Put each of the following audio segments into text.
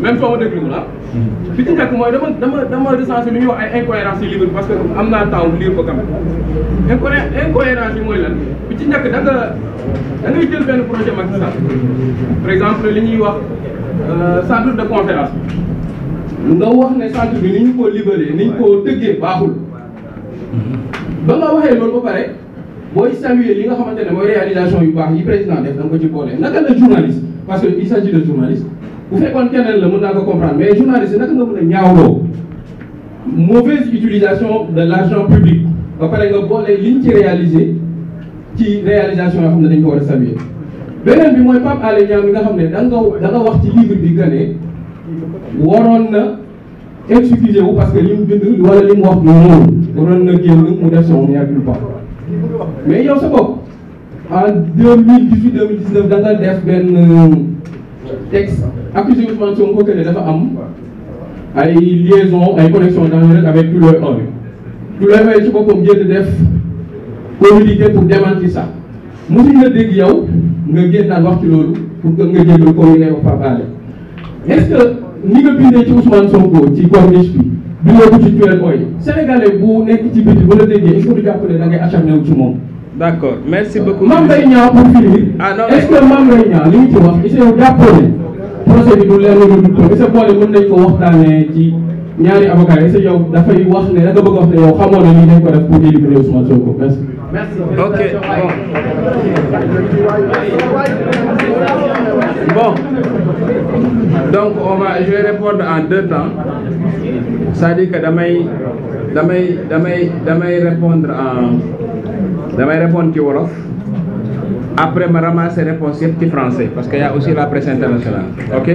même soo ma déglu la hmm. bi ci njëkk mooy dama dama dama recensé lu ñuy wax ay incohérence yi livre bi parce que am naa temps lire ko quand même inco incohérence yi mooy lan bi ci njëkk da nga da ngay jël benn projet Macky exemple li ñuy wa euh, centre de conférence nga wax ne centre bi ni ñu ko libéré ni ñu ko tëggee baaxul ba nga waxee loolu ba pare booy saluer li nga xamante ne mooy réalisation yu baax yi président def da nga ko ci boole naka la journaliste parce que il s'agit bu fekkoon keneen la mën naa ko comprendre mais journaliste yi naka nga mën a ñaawloo mauvaise utilisation de l' argent public ba pare nga boole liñ ci réaliser ci réalisation yoo xam ne dañ ko war a saluer beneen bi mooy Pape Alé Niang mi nga xam ne da nga da wax ci livre bi que ne waroon na excusé wu parce que li mu bind wala li mu wax du noonu waroon na génn mu def son mea culpa mais yow sa bopp en deux mille dix huit da def benn. texte accusé Ousmane Sonko que ne dafa am ay liaison ay connexion dangereuse avec Tullow Oil Tullow Oil ci boppam génn def communiqué pour démentir ça mosuñ la dégg yow nga génn daan wax ci loolu pour que nga jéggal ko yi ngay wax Pape Alé est-ce que ni nga bindee ci Ousmane Sonko ci corniche bi bindoo ko ci Tullow Oil sénégalais bu nekk ci biti ba la déggee est-ce que du jàpp ne da ngay acharné wu d' accord merci beaucoup. Mame Mbaye Niang pour finir. ah non est ce que Mame Mbaye Niang li ñu ci wax est ce que yow jàppoo bi du leen lu dul est ce que boole mën nañ ko waxtaanee ci ñaari avocats est ce que yow dafay wax ne da nga a wax ne yow xamoo na lii dañ ko def pour délibéré Ousmane Sonko merci. merci ok bon. donc on va je vais répondre en deux temps c'est-à-dire que damay damay damay damay répondre damay répondre ci wolof après ma ramasser réponse yëpp ci français parce que y aussi la presse internationale ok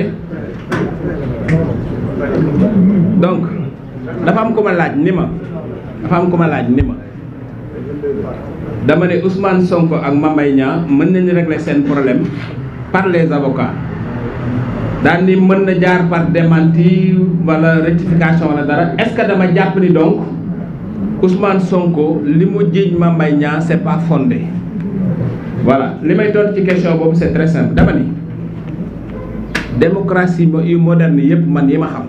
donc dafa am ko ma laaj ni ma dafa am ko ma laaj ni ma dama ne Ousmane Sonko ak Mame Mbaye Niang mën nañu régler seen problème par les avocats daan ni mën na jaar par démenti walla rectification wala dara est-ce que dama jàpp ni donc Ousmane Sonko li mu jiiñ Mame Mbaye Niang c'est pas fondé li may doon ci question boobu c'est très simple dama ni démocratie yu moderne yëpp man yi ma xam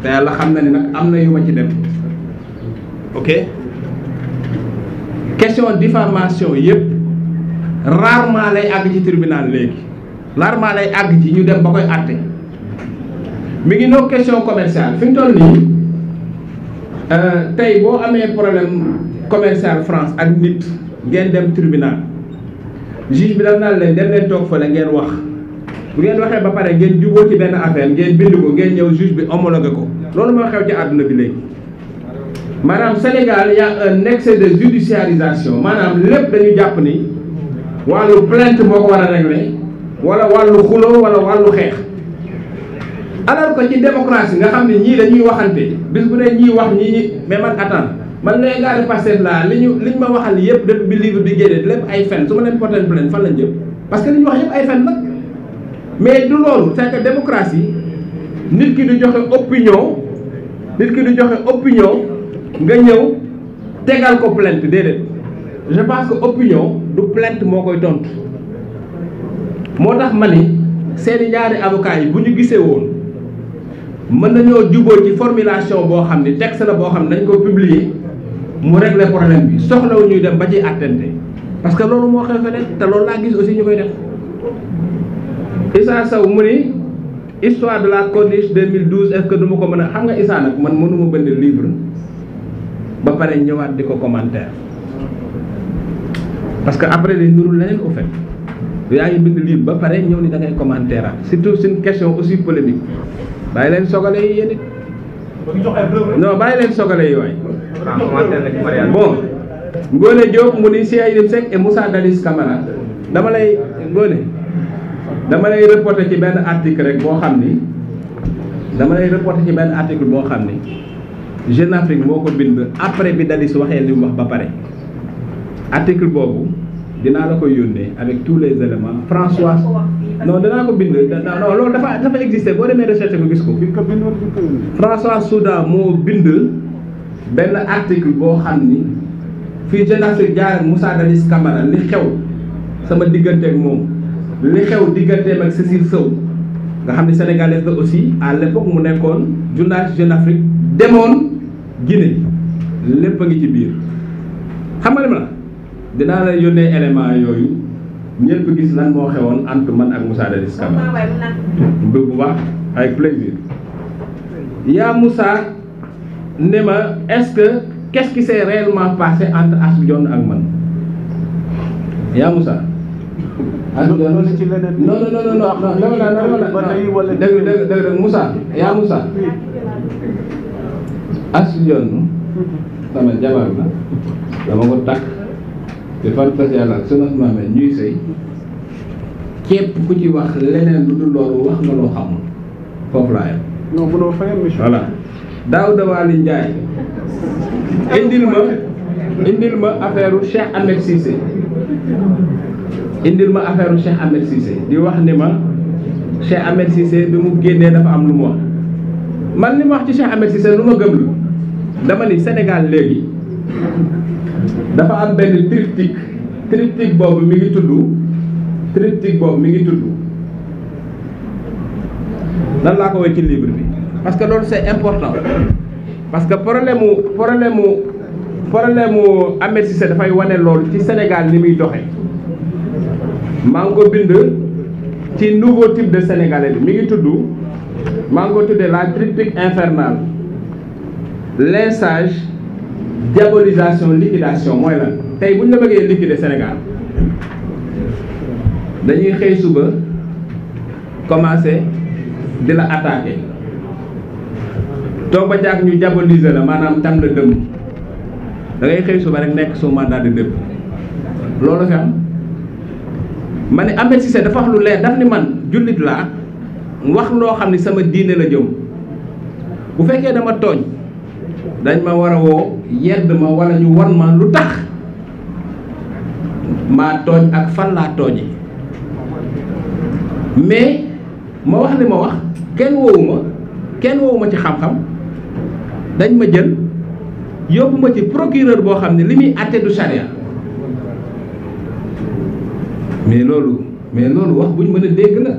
te yàlla xam na ni nag am na yu ma ci dem ok question diffamation yëpp rarement lay àgg ci tribunal léegi rarement lay àgg ci ñu dem ba koy àtte mi ngi noog question commerciale fi mu toll nii. Euh, tey boo amee problème commercial France ak nit ngeen dem tribunal juge bi daf naa leen dem leen fa fële ngeen wax bu ngeen waxee ba pare ngeen jubóo ci benn affaire ngeen bind ko ngeen ñëw juge bi homologué ko loolu moo xew ci àdduna bi léegi maanaam Sénégal y a un excès de judiciarisation maanaam lépp dañu jàpp ni wàllu plainte moo ko war a réglé wala wàllu xuloo wala wàllu xeex alors que ci démocratie nga xam ne ñii dañuy waxante bis bu dee ñii wax ñii ñi mais man attends man lay gaari Pastef laa li ñu li ñu ma waxal yëpp depuis bi di bi génnee lépp ay fen su ma leen porté plainte fan lañ jëm parce que li ñu wax yëpp ay fen la mais du loolu c'est que démocratie nit ki du joxe opinion nit ki du joxe opinion nga ñëw tegal ko plainte déedéet je pense que opinion du plant moo koy tontu moo tax ma ni seeni ñaari avocats yi bu ñu gisee woon. mën nañoo juboo ci formulation boo xam ni texte la boo xam ne dañ ko publier mu régler problème bi soxla wu ñuy dem ba ci attente parce que loolu moo xew feneen te loolu laa gis aussi ñu koy def Issa Sow mu ni histoire de la corniche 2012 est-ce que duma ko mën a xam nga Issa nag man mënuma bënd livre ba pare ñëwaat di ko commentaire parce que après day nurul leneen au fait yaa ngi bind livre ba pare ñëw ni dangay ngay commentaire surtout seen question aussi polémique bàyyi leen sogale yi yéen it. non leen sogale yi waay. bon. Ngone mu ni Seydou Seck et Moussa Dalis Camara dama lay Ngone dama lay reporter ci benn article rek boo xam ni dama lay reporter ci benn article boo xam ni Jeune Afrique moo ko bind après bi Dalis waxee li mu ba pare article boobu. dinaa la ko yónnee avec tous les éléments François non danaa ko bind non loolu dafa dafa existé boo demee recherche ko gis ko François Souda moo bind benn article boo xam ni fii jeunesse jaar Moussa Dadis Camara li xew sama digganteeg moom li xew digganteem ak Cécile Sow nga xam ne sénégalaise la aussi à l'époque mu nekkoon journaliste Jeune Afrique demoon Guinée lépp a ngi ci biir xam nga la dinaa la yónnee élément yooyu ñëpp gis lan moo xewoon ant man ak Moussa Dadis Camara bu baax avec plaisir yaa Moussa ne ma est-ce que qu'est-ce qui s'est réellement passé entre Asbjorn ak man yaa Moussa non non non non jabar la dama ko takk te fan fas yàlla ak soxna Mohamed ñuy sëy képp ku ci wax leneen lu dul loolu wax nga loo xamul foofu laa yem. non bu indil ma indil ma affaire u Cheikh Ahmed indil ma affaire u Cheikh Ahmed di wax ni ma Cheikh Ahmed Cissé bi mu génnee dafa am lu mu wax man li ma wax ci Cheikh Ahmed Cissé lu ma gëm la dama ni Sénégal léegi. dafa am benn triptyque triptyque boobu mi ngi tudd triptyque boobu mi ngi tudd lan laa ko woy ci livre bi parce que loolu c'est important parce que problème mu problème mu problème mu Ahmed Cissé dafay wane loolu ci Sénégal ni muy doxee maa ngi bind ci nouveau type de sénégalais bi mi ngi tudd maa ngi ko tuddee la triptyque infernale jabolisation liquidation mooy lan tey bu ñu la bëggee liquider Sénégal dañuy xëy suba commencé di la attaqué toog ba jàkk ñu diaboliser la maanaam tam la dëmm da xëy suba rek nekk sous mandat de dépôt loolu ne Ahmed dafa wax lu leer daf ne man jullit laa wax loo xam ni sama diine la jëm bu fekkee dama tooñ. dañ ma war a woo yedd ma wala ñu wan ma lu tax ma tooñ ak fan laa tooñi mais ma wax li ma wax kenn woowuma kenn woowu ma ci xam-xam dañ ma jël yóbbu ma ci procureur boo xam ne li muy àtte du charia mais loolu mais loolu wax bu ñu mën a dégg la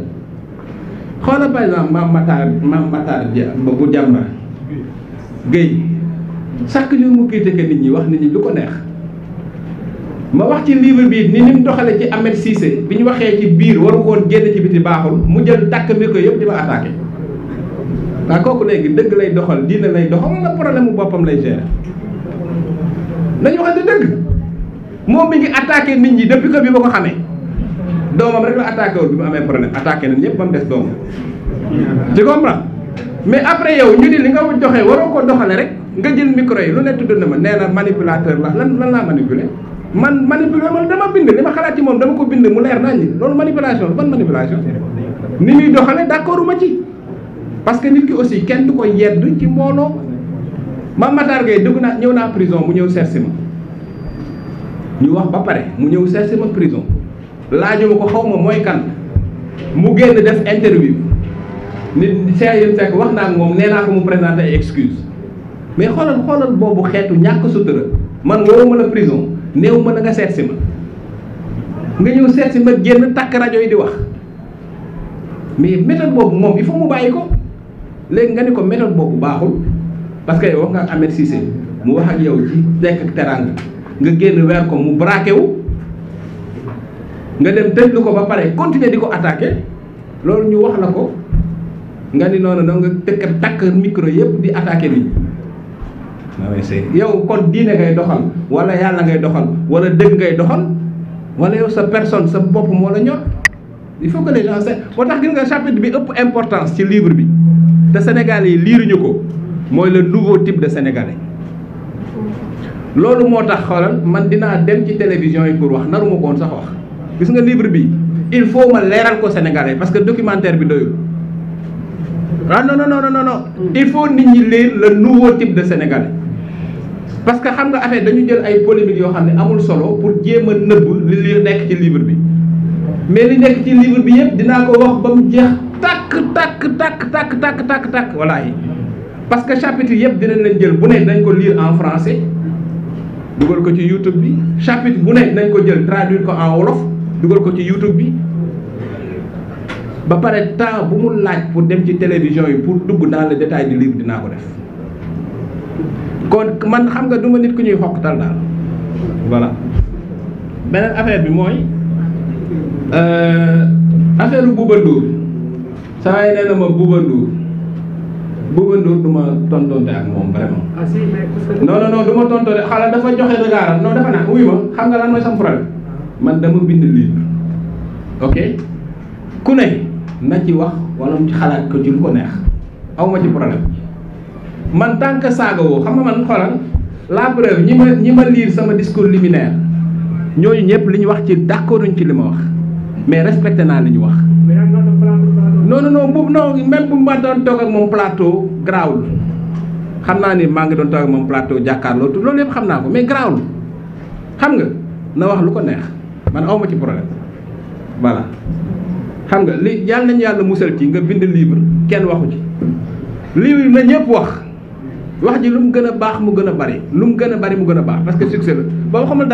xoola par exemple maam Matar maam Matar bu jàmm Guèye chaque jour mu critiqué nit ñi wax nit ñi lu ko neex ma wax ci livre bii ni ni mu doxale ci Ahmed Cissé bi ñu waxee ci biir waru woon génn ci biti baaxul mu jël tàkk micro yëpp di ma attaqué kooku léegi dëgg lay doxal diine lay doxal wala problème mu boppam lay gérer nañu waxante dëgg moom mi ngi attaqué nit ñi depuis que bi ma ko xamee doomam rek la attaqué bi mu amee problème attaqué nañ ñëpp ba mu des doomam tu comprends mais après yow ñu ni li nga joxe waroo ko doxale rek nga jël micro yi lu ne tudd na ma nee na manipulateur la lan lan laa manipuler man manipuler man dama bind li ma xalaat ci moom dama ko bind mu leer naa ñi loolu manipulation ban manipulation ni muy doxale d'accord ma ci parce que nit ki aussi kenn du ko yedd ci mbooloo Mame Matar Gueye dugg naa ñëw naa prison mu ñëw seetsi ma ñu wax ba pare mu ñëw seetsi ma prison laaju ma ko xaw ma mooy kan mu génn def interview nit Cheikh Yérim Seck wax naa ak moom nee naa ko mu présenté ay excuse mais xoolal xoolal boobu xeetu ñàkk sutura man nga woowuma la prison néew ma na nga seet si ma nga ñëw seet si ma génn takk rajo yi di wax mais méthode boobu moom il faut mu bàyyi ko léegi nga ni ko méthode boobu baaxul parce que wax nga ak Ahmed Cissé mu wax ak yow ci tekk ak teraanga nga génn weer ko mu braqué nga dem tëj lu ko ba pare continuer di ko attaque loolu ñu wax la ko. nga ni noonu da nga tëkk takk micro yëpp di attaqué bi yow kon diine ngay doxal wala yàlla ngay doxal wala dëgg ngay doxal wala yow sa personne sa bopp moo la ñor il faut que les gens tax gis nga chapitre bi ëpp importance ci livre bi te Sénégalais yi liiruñu ko mooy le nouveau type de sénégalais. loolu moo tax xoolal man dinaa dem ci télévision yi pour wax naruma koon sax wax gis nga libre bi il faut ma leeral ko sénégalais parce que documentaire bi doyul. ah non non no no non il faut nit ñi lire le nouveau type de sénégalais parce que xam nga affaire dañu jël ay polémiques yoo xam ne amul solo pour jéem a nëbb li li nekk ci libre bi mais li nekk ci livre bi yëpp dinaa ko wax ba mu jeex takk takk takk takk takk takk takk voilà yi parce que chapitre yëpp dinañ leen jël bu nekk nañ ko liir en français dugal ko ci YouTube bi chapitre bu nekk nañ ko jël traduire ko en wolof dugal ko ci YouTube bi. ba pare temps bu mu laaj pour dem ci télévision yi pour dugg dans le détail du livre dinaa ko def kon man xam nga du ma nit ku ñuy xoqtal daal voilà beneen affaire bi mooy euh, affaire Bouba Ndour saa yi nee na ma Bouba Ndour Bouba Ndour du ma tontonte ak moom vraiment. ah si mais non tontonte xala dafa joxe regard non dafa naan wuyu xam nga lan mooy sam man dama bind livre ok ku ne. na ci wax wala mu ci xalaat ko ci lu ko neex aw ma ci problème man tant que saaga woo xam nga man xoolal la preuve ñi ma ñi sama discours liminaire ñooñu ñëpp li ñu wax ci d'accorduñ ci li ma wax mais respecté naa li ñu wax. non non non boobu noonu même bu ma doon toog moom plateau garaawul xam naa ni maa ngi doon toog moom plateau jàkkaarloo tu loolu yëpp xam naa ko mais garaawul xam nga na wax lu ko neex man awma ci problème voilà. xam nga li yàlla nañu yàlla musal ci nga bind livre kenn waxu ci livre na ñëpp wax wax ji lu mu gën a baax mu gën a bari lu mu gën a bari mu gën a baax parce que succès la boo xamul